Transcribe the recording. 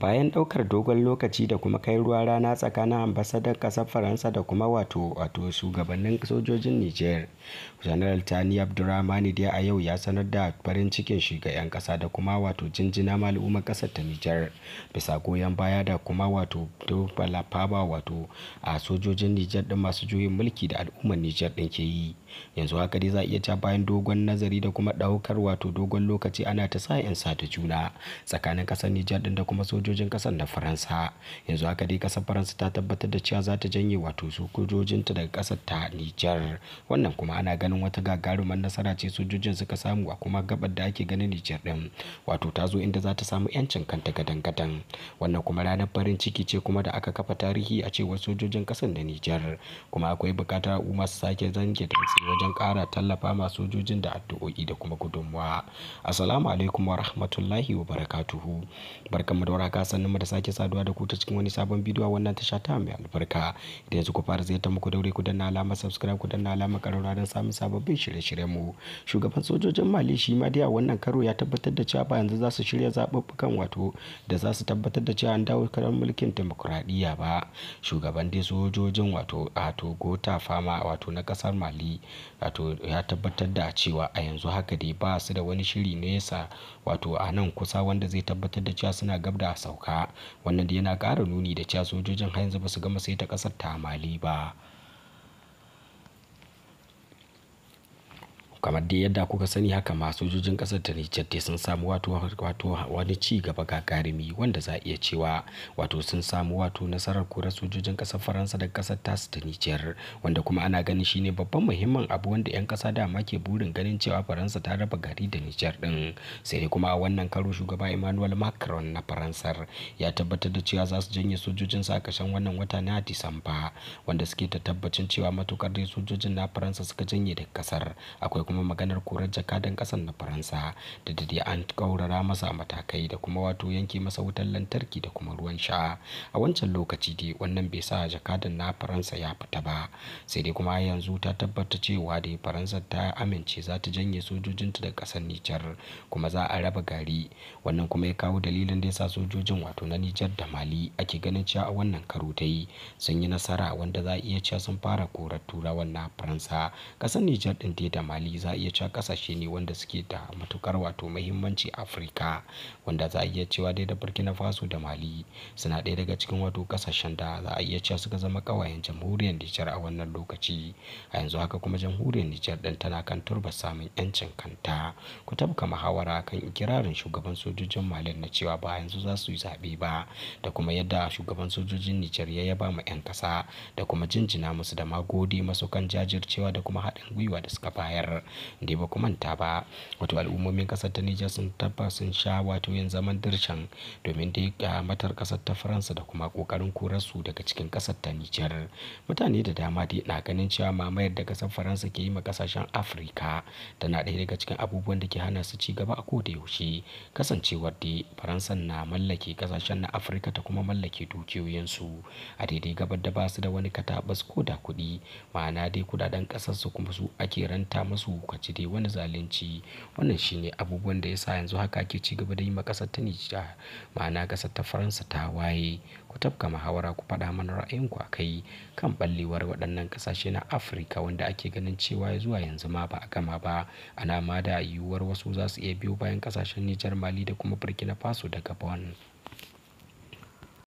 bayan ɗaukar dogon lokaci da kuma kai ruwa rana tsakanin ambasadar ƙasar faransa da kuma wato wato shugabannin sojojin niger general tani abdurrahmani dai a yau ya sanar da farin cikin shiga 'yan ƙasa da kuma wato jinjina malumar ƙasar ta niger bisa goyon baya da kuma wato dubala wato a sojojin niger din masu juyin mulki da al'ummar niger din ke yi yanzu haka dai za a iya ca bayan dogon nazari da kuma ɗaukar wato dogon lokaci ana ta sa 'yan sa juna tsakanin ƙasar niger din da kuma sojojin sojojin kasar da faransa yanzu haka dai kasar faransa ta tabbatar da cewa za ta janye wato sojojinta daga kasar ta nijar wannan kuma ana ganin wata gagarumar nasara ce sojojin suka samu a kuma gabar da ake ganin nijar din wato ta zo inda za ta samu yancin kanta gadan gadan wannan kuma ranar farin ciki ce kuma da aka kafa tarihi a cewa sojojin kasar da nijar kuma akwai bukatar al'umma su sake zange dantse wajen kara tallafa ma sojojin da addu'o'i da kuma gudunmuwa assalamu alaikum wa rahmatullahi wa barakatuhu barkamu da warhaka haka sannan mu da sake saduwa da ku ta cikin wani sabon bidiyo wannan tasha ta mai albarka idan yanzu ku fara ziyartar muku daure ku danna alamar subscribe ku danna alamar karara don samun sababbin shirye-shiryen mu shugaban sojojin mali shi ma dai a wannan karo ya tabbatar da cewa ba yanzu za su shirya zaɓuɓɓukan wato da za su tabbatar da cewa an dawo karan mulkin demokuraɗiyya ba shugaban dai sojojin wato a togo ta fama wato na ƙasar mali wato ya tabbatar da cewa a yanzu haka dai ba su da wani shiri nesa wato a nan kusa wanda zai tabbatar da cewa suna gab da sauka. Wannan da yana ƙara nuni da cewa sojojin har yanzu ba su gama saita ƙasar ta Mali ba. kamar dai yadda kuka sani haka ma sojojin kasar ta Nijar dai sun samu wato wani ci gaba gagarumi wanda za a iya cewa wato sun samu wato nasarar kura sojojin kasar Faransa da kasar tasu da Nijar wanda kuma ana ganin shine babban muhimmin abu wanda 'yan kasa dama ke burin ganin cewa Faransa ta raba gari da Nijar din sai kuma a wannan karo shugaba Emmanuel Macron na Faransar ya tabbatar da cewa za su janye sojojin sa kashen wannan wata na Disamba wanda suke ta tabbacin cewa matukar dai sojojin na Faransa suka janye da kasar akwai kuma maganar korar jakadan kasan na faransa da dadi an kaurara masa matakai da kuma wato yanke masa wutar lantarki da kuma ruwan sha a wancan lokaci dai wannan bai sa jakadan na faransa ya fita ba sai dai kuma yanzu ta tabbata cewa dai faransa ta amince za ta janye sojojinta daga kasar nijar kuma za a raba gari wannan kuma ya kawo dalilin da ya sa sojojin wato na nijar da mali ake ganin cewa a wannan karo ta yi sun yi nasara wanda za a iya cewa sun fara korar turawan na faransa ƙasar nijar ɗin da mali za a iya cewa ƙasashe ne wanda suke da matukar wato muhimmanci Afirka wanda za a iya cewa dai da Burkina Faso da Mali suna ɗaya daga cikin wato kasashen da za a iya cewa suka zama ƙawayen jamhuriyar Nijar a wannan lokaci a yanzu haka kuma jamhuriyar Nijar ɗin tana kan turba samun 'yancin kanta ku tabka muhawara kan ikirarin shugaban sojojin mali na cewa ba yanzu za su yi zaɓe ba da kuma yadda shugaban sojojin Nijar ya yaba ma 'yan ƙasa da kuma jinjina musu da ma gode masu kan jajircewa da kuma haɗin gwiwa da suka bayar da ba manta ba wato al'ummomin kasar ta Nijar sun taba sun sha wato yin zaman dirshan domin dai matar kasar ta Faransa da kuma korar su daga cikin kasar ta Nijar mutane da dama dai na ganin cewa mamayar da kasar Faransa ke yi ma kasashen Afirka tana ɗaya daga cikin abubuwan da ke hana su ci gaba a koda yaushe kasancewar dai Faransa na mallake kasashen na Afirka ta kuma mallake dukiyoyinsu a daidai gabar da ba su da wani katabas ko da kuɗi ma'ana dai kuɗaɗen ƙasarsu kuma su ake ranta musu ci dai wani zalunci. Wannan shine abubuwan da ya sa yanzu haka ake ci gaba da yi ma ƙasar ta Nijar ma'ana kasar ta Faransa ta waye Ku tafka muhawara ku faɗa mana ra'ayinku a kai kan ɓallewar waɗannan ƙasashe na Afirka wanda ake ganin cewa zuwa yanzu ma ba a gama ba. Ana ma da yiwuwar wasu za su iya biyo bayan ƙasashen Nijar, Mali da kuma Burkina Faso da Gabon.